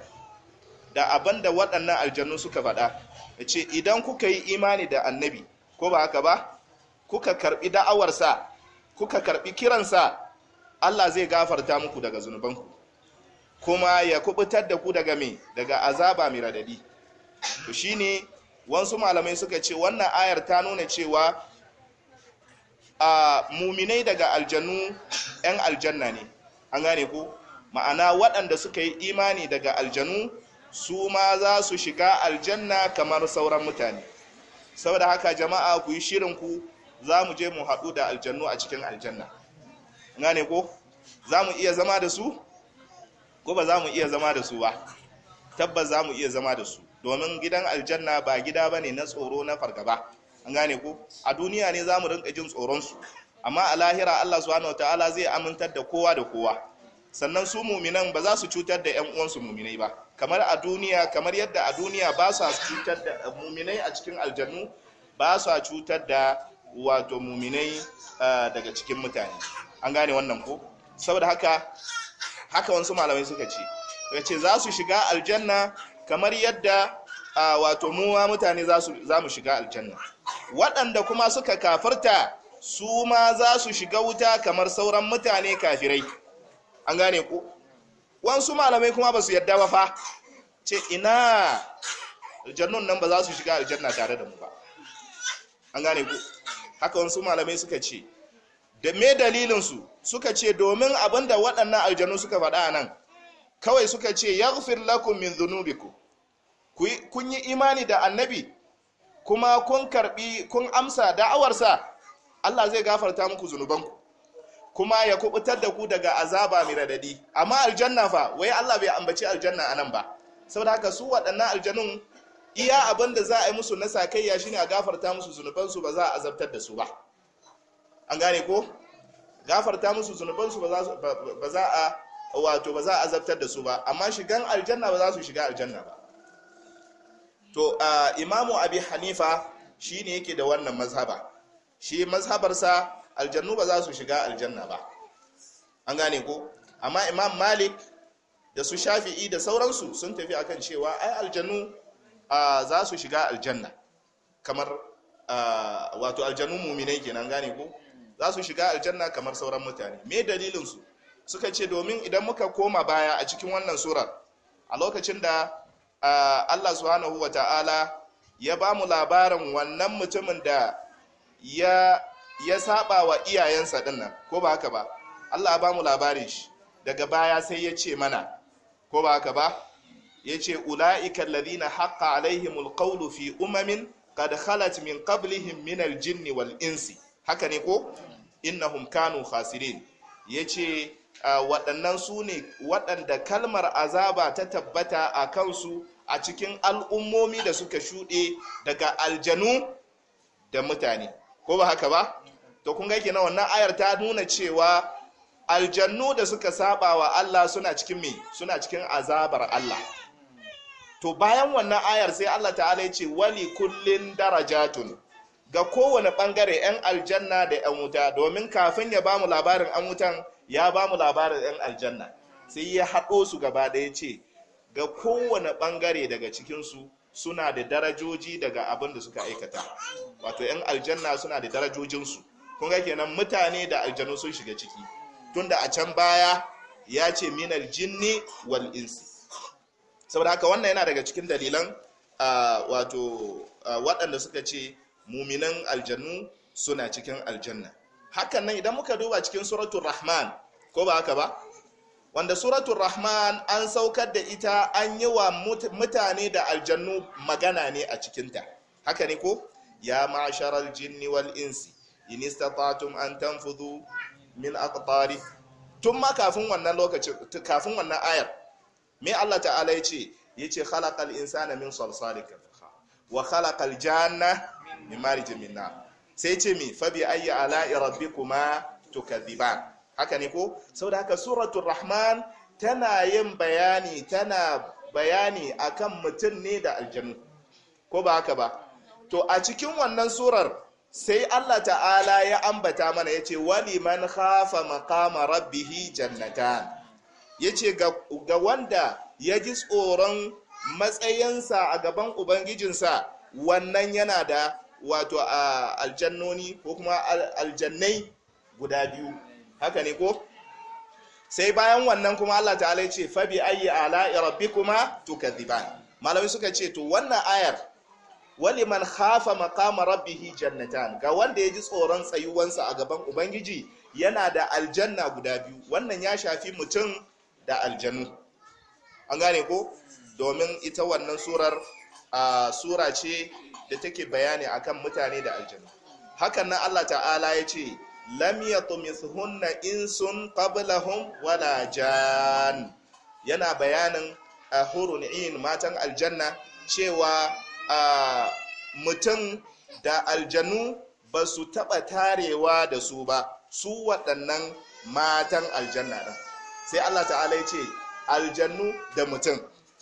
A: da abin da waɗannan aljanu suka faɗa ya ce idan kuka yi imani da annabi ko ba haka ba kuka karɓi da'awarsa kuka karɓi kiransa allah zai gafarta muku daga zunubanku kuma ya kubutar da ku daga me daga azaba mai radadi to ne wasu malamai suka ce wannan ayar ta nuna cewa a muminai daga aljannu 'yan aljanna ne an gane ku ma'ana waɗanda suka yi imani daga aljanu su ma za su shiga aljanna kamar sauran mutane saboda haka jama'a ku yi shirin ku za mu je mu haɗu da aljannu a cikin aljanna gane ko za mu iya zama da su ko ba za mu iya zama da su ba tabbas za mu iya zama da su domin gidan aljanna ba gida ba ne na tsoro na fargaba an gane ko a duniya ne za mu rinka jin tsoronsu amma a lahira allah subhanahu ta'ala zai amintar da kowa da kowa sannan su muminan ba za su cutar da 'yan uwansu muminai ba kamar a duniya kamar yadda a duniya ba sa cutar da muminai a cikin aljannu ba sa cutar da wato muminai daga cikin mutane an gane wannan ko saboda haka haka wasu malamai suka ce ya ce za su shiga aljanna kamar yadda wato muwa mutane za mu shiga aljanna waɗanda kuma suka kafarta su ma za su shiga wuta kamar sauran mutane kafirai an gane ku wansu malamai kuma ba su yadda ba fa ce ina aljannun nan ba za su shiga aljanna tare da mu ba an gane ku haka wansu malamai suka ce da me dalilinsu suka ce domin abinda waɗannan aljannu suka faɗa a nan kawai suka ce yaghfir lakum min dhunubikum kun yi imani da annabi kuma kun karbi kun amsa da'awarsa Allah zai gafarta muku zunubanku kuma ya kubutar da ku daga azaba mai radadi amma aljanna fa wai Allah bai ambaci aljanna anan ba saboda haka su waɗannan aljanun iya abin za a yi musu na sakayya shine a gafarta musu zunubansu ba za a azabtar da su ba an gane ko gafarta musu zunubansu ba za a wato ba za a azabtar da su ba amma shigan aljanna ba za su shiga aljanna ba to imamu abi hanifa shine yake da wannan mazhaba shi mazhabarsa aljannu ba za su shiga aljanna ba an gane ko amma imam malik da su shafi'i da sauransu sun tafi akan cewa ai aljannu za su shiga aljanna kamar wato aljannu muminai kenan gane ko za su shiga aljanna kamar sauran mutane me dalilin su suka ce domin idan muka koma baya a cikin wannan surar a lokacin da allah subhanahu wa ta'ala ya ba mu labarin wannan mutumin da ya ya saba wa iyayensa dinnan ko ba haka ba Allah ba mu labarin shi daga baya sai ya ce mana ko ba haka ba ya ce ula'ika ladina haƙa alaihimul qawlu fi umamin qad khalat min qablihim min aljinni wal insi haka ne ko innahum kanu khasirin ya ce waɗannan su ne waɗanda kalmar azaba ta tabbata a kansu a cikin al'ummomi da suka shuɗe daga aljanu da mutane ko ba haka ba to kun ga kenan wannan ayar ta nuna cewa aljannu da suka saba wa Allah suna cikin me suna cikin azabar Allah to bayan wannan ayar sai Allah ta'ala ya ce wali kullin darajatun ga kowane bangare yan aljanna da yan wuta domin kafin ya bamu labarin an wutan ya bamu labarin yan aljanna sai ya haɗo su gaba ɗaya ce ga kowane bangare daga cikinsu suna da darajoji daga abin da suka aikata wato yan aljanna suna da darajojinsu kun ga kenan mutane da aljanu sun shiga ciki tunda a can baya ya ce minar jinni wal insi saboda haka wannan yana daga cikin dalilan wato waɗanda suka ce muminan aljanu suna cikin aljanna hakan nan idan muka duba cikin suratun rahman ko ba haka ba wanda suratun rahman an saukar da ita an yi wa mutane da aljannu magana ne a cikinta haka ne ko ya ma'ashar aljinni wal insi in istata'tum an tanfudhu min aqtari tun ma kafin wannan lokacin kafin wannan ayar me Allah ta'ala yace yace khalaqal insana min salsalin ka wa khalaqal janna min marijin min nar sai yace mi fa bi ayyi ala'i rabbikuma tukadhiban haka ne ko saboda haka suratul rahman tana yin bayani tana bayani akan mutum ne da aljanu ko ba haka ba to a cikin wannan surar sai Allah ta'ala ya ambata mana ya ce, wani man hafa makama rabbihi jannatan Ya ce ga wanda ya ji tsoron matsayinsa a gaban ubangijinsa wannan yana da wato a aljannoni ko kuma aljannai guda biyu haka ne ko sai bayan wannan kuma Allah ta'ala ya ce fabi ayi ala'i rabbikuma tukadiban Malami suka ce to wannan ayar waliman khafa maqama rabbihi jannatan ga wanda ya ji tsoron tsayuwansa a gaban ubangiji yana da aljanna guda biyu wannan ya shafi mutum da aljanu an gane ko domin ita wannan surar sura ce da take bayani akan mutane da aljanu hakan nan Allah ta'ala ya ce lam yatumithunna insun qablahum wala jan yana bayanin ahurun in matan aljanna cewa a mutum da aljanu ba su taɓa tarewa da su ba su waɗannan matan aljanna ɗin sai allah ta'ala ya ce aljannu da mutum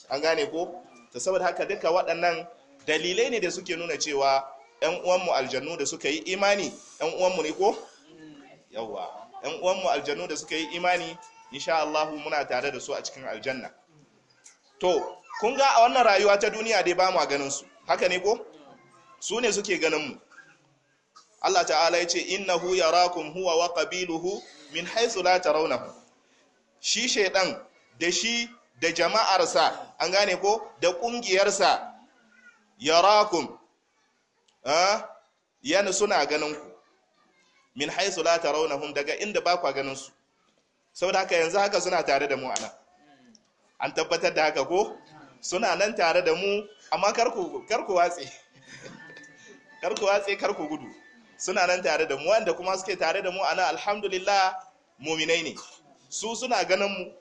A: an gane ko ta saboda haka duka waɗannan dalilai ne da suke nuna cewa 'yan uwanmu aljannu da suka yi imani 'yan uwanmu ne ko yawwa 'yan uwanmu aljannu da suka yi imani insha Allah muna tare da su a cikin aljanna to kun ga a wannan rayuwa ta duniya dai ba mu ganin su haka ne ko su ne suke ganin mu Allah ta'ala ya ce innahu yarakum huwa wa qabiluhu min haythu la tarawnahu shi shaidan da shi da jama'ar sa an gane ko da sa yarakum ah yana suna ganin ku min haythu la tarawnahum daga inda ba ku ganin su saboda haka yanzu haka suna tare da mu ana an tabbatar da haka ko suna nan tare da mu amma karku watse karku watse karku gudu suna nan tare da mu wanda kuma suke tare da mu ana alhamdulillah muminai ne su suna ganin mu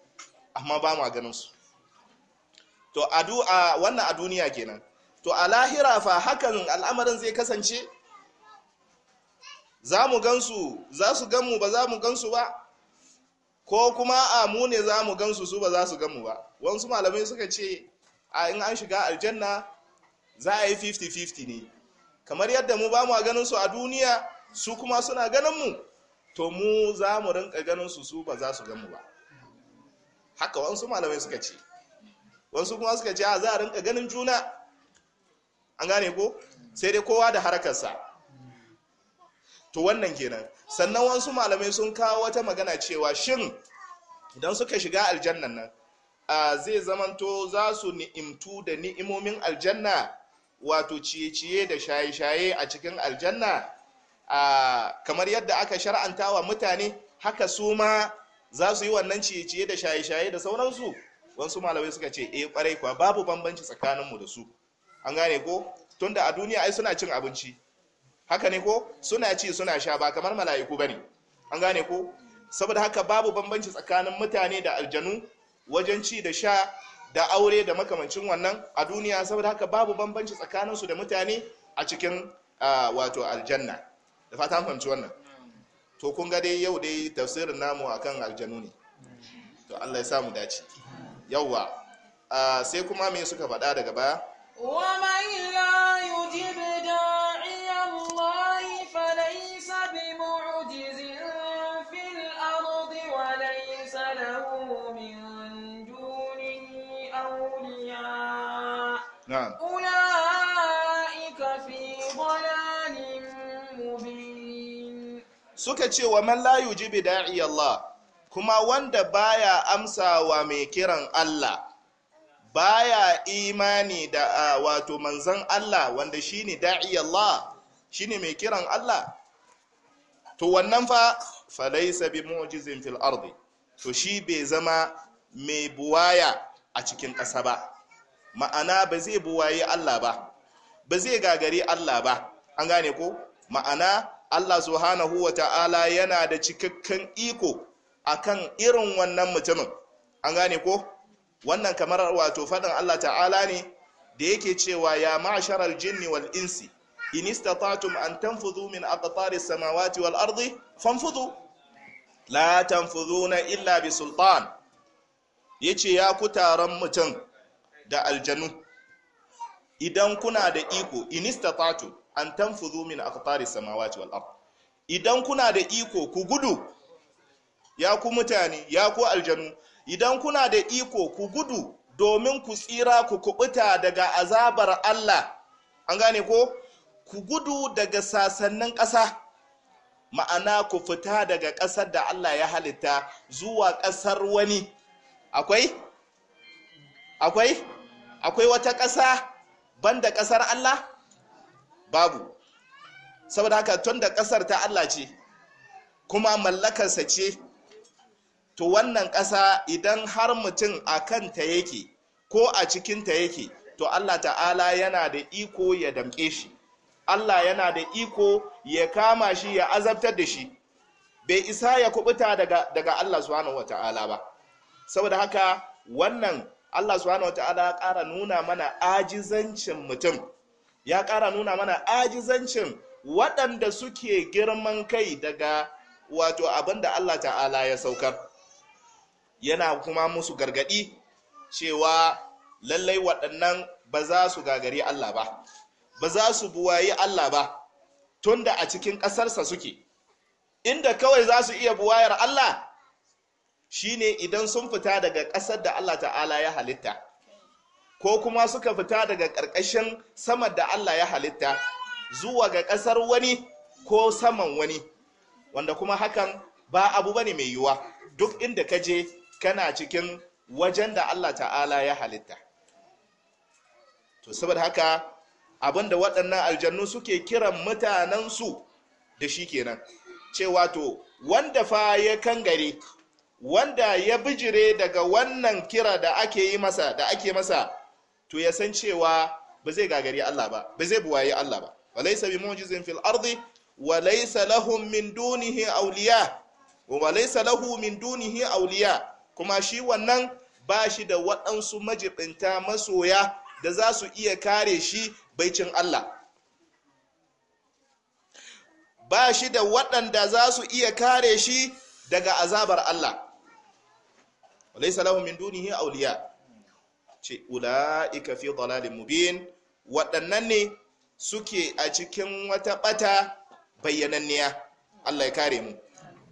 A: amma ba mu ganin su to a wannan a duniya kenan to a lahira fa hakan al'amarin zai kasance za mu gansu za su ganmu ba za mu gansu ba ko kuma a mu ne za mu gansu su ba za su ganmu ba wasu malamai suka ce a in an shiga aljanna za a yi 50-50 ne kamar yadda mu ba mu ganin su a duniya su kuma suna ganin mu to mu za mu rinka ganin su su ba za su gan mu ba haka wasu malamai suka ce wasu kuma suka ce a za a rinka ganin juna an gane ko sai dai kowa da harkarsa to wannan kenan sannan wasu malamai sun kawo wata magana cewa shin idan suka shiga aljannan nan zai zamanto za su ni'imtu da ni'imomin aljanna wato ciye-ciye da shaye-shaye a cikin aljanna kamar yadda aka shar'anta wa mutane haka su ma za su yi wannan ciye-ciye da shaye-shaye da sauransu wasu malamai suka ce eh kwarai kuwa babu bambanci tsakaninmu da su an gane ko tunda a duniya ai suna cin abinci haka ne ko suna ci suna sha ba kamar mala'iku bane an gane ko saboda haka babu bambanci tsakanin mutane da aljanu wajen ci da sha da aure da makamancin wannan a duniya saboda haka babu bambanci tsakaninsu da mutane a cikin wato aljanna da fata fahimci wannan to kun ga dai yau dai tafsirin namu akan aljanu ne to Allah ya sa mu dace yawwa sai kuma me suka faɗa daga baya wa نعم
B: أولئك في ضلال مبين
A: suka cewa wa man la Allah kuma wanda baya amsawa mai kiran Allah baya imani da wato manzan Allah wanda shine da'i Allah shine mai kiran Allah to wannan fa falaisa bi mu'jizin fil ardi to shi bai zama mai buwaya a cikin ƙasa ba ma'ana ba zai buwaye Allah ba ba zai gagari Allah ba an gane ko ma'ana Allah subhanahu wata'ala yana da cikakken iko akan irin wannan mutumin an gane ko wannan kamar wato faɗin Allah ta'ala ne da yake cewa ya ma'sharal jinni wal insi in istata'tum an tanfudhu min aqtaris samawati wal ardi fanfudhu la tanfudhuna illa bi sultan yace ya ku taron mutum da aljanu idan kuna da iko inistatatu an tanfuzu min aqtari samawati wal ard idan kuna da iko ku gudu ya ku mutane ya ku aljanu idan kuna da iko ku gudu domin ku tsira ku kubuta daga azabar Allah an gane ko ku gudu daga sasannin ƙasa ma'ana ku fita daga ƙasar da Allah ya halitta zuwa ƙasar wani akwai akwai akwai wata ƙasa banda ƙasar Allah babu saboda haka tun da ƙasar ta Allah ce kuma mallakarsa ce to wannan ƙasa idan har mutum a kanta yake ko a cikinta yake to Allah ta'ala yana da iko ya damƙe shi Allah yana da iko ya kama shi ya azabtar da shi bai isa ya kubuta daga, Allah subhanahu wa ta'ala ba saboda haka wannan Allah subhanahu wataala ya ƙara nuna mana ajizancin mutum ya ƙara nuna mana ajizancin waɗanda suke girman kai daga wato abin da Allah ta'ala ya saukar yana kuma musu gargaɗi cewa lallai waɗannan ba za su gagari Allah ba ba za su buwayi Allah ba tunda a cikin ƙasarsa suke inda kawai za su iya buwayar Allah shine idan sun fita daga ƙasar da Allah ta'ala ya halitta ko kuma suka fita daga ƙarƙashin samar da Allah ya halitta zuwa ga ƙasar wani ko saman wani wanda kuma hakan ba abu bane mai yiwuwa duk inda ka je kana cikin wajen da Allah ta'ala ya halitta to saboda haka da waɗannan aljannu suke kiran mutanensu da shi kenan cewa to wanda fa ya kangare wanda ya bijire daga wannan kira da ake yi masa da ake masa to ya san cewa ba zai gagari Allah ba ba zai buwaye Allah ba walaysa bi mu'jizin fil ardi walaysa lahum min dunihi awliya walaysa lahu min dunihi awliya kuma shi wannan ba shi da waɗansu majibinta masoya da za su iya kare shi baicin Allah ba shi da waɗanda za su iya kare shi daga azabar Allah laisa lahum min dunihi awliya ce ulaika fi dalalin mubin waɗannan ne suke a cikin wata bata bayyananniya Allah ya kare mu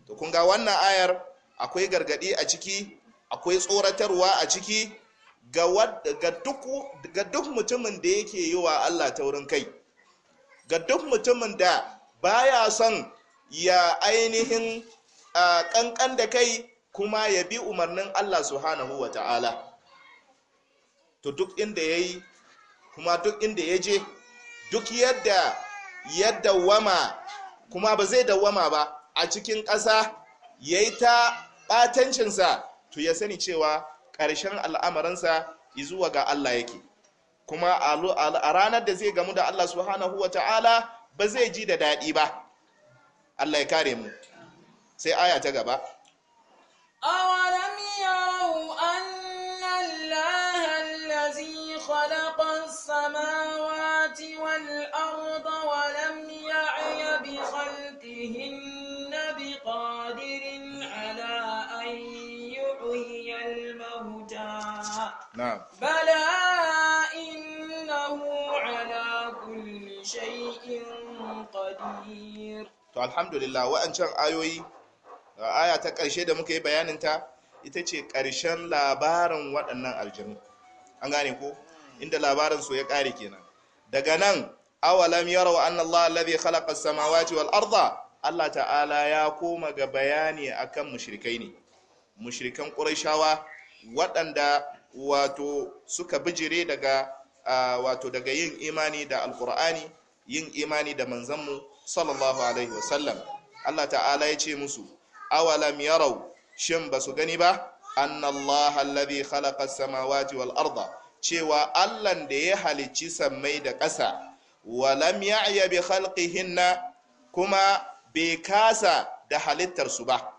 A: to kun ga wannan ayar akwai gargadi a ciki akwai tsoratarwa a ciki ga duk mutumin da yake yi wa Allah taurin kai ga duk mutumin da baya son ya ainihin kankan da kai kuma ya bi umarnin Allah subhanahu wa ta'ala to duk inda ya yi kuma duk inda ya je duk yadda ya dawama, kuma ba zai dawama ba a cikin ƙasa ya yi ta ɓatancinsa to ya sani cewa ƙarshen al'amarinsa izuwa ga Allah yake kuma a ranar da zai gamu da Allah subhanahu wa ta'ala ba zai ji da daɗi ba Allah ya kare mu sai aya ta gaba
B: أولم يروا أن الله الذي خلق السماوات والأرض ولم يعي بخلقهن بقادر على أن يحيي الموتى نعم بلى إنه على كل شيء قدير.
A: الحمد لله وأن شاء آيوي aya ta ƙarshe da muka yi bayanin ta ita ce ƙarshen labarin waɗannan aljanu an gane ko inda labarin su ya ƙare kenan daga nan awalam yarau anna Allah alladhi khalaqa samawati wal arda Allah ta'ala ya koma ga bayani akan mushrikai ne mushrikan qurayshawa waɗanda wato suka bijire daga wato daga yin imani da alqur'ani yin imani da manzanmu sallallahu alaihi wasallam Allah ta'ala ya ce musu awalam yarau shin ba su gani ba annallaha alladhi khalaqa samawati wal arda cewa allan da ya halicci sammai da ƙasa walam ya'ya bi khalqihinna kuma bai kasa da halittar su ba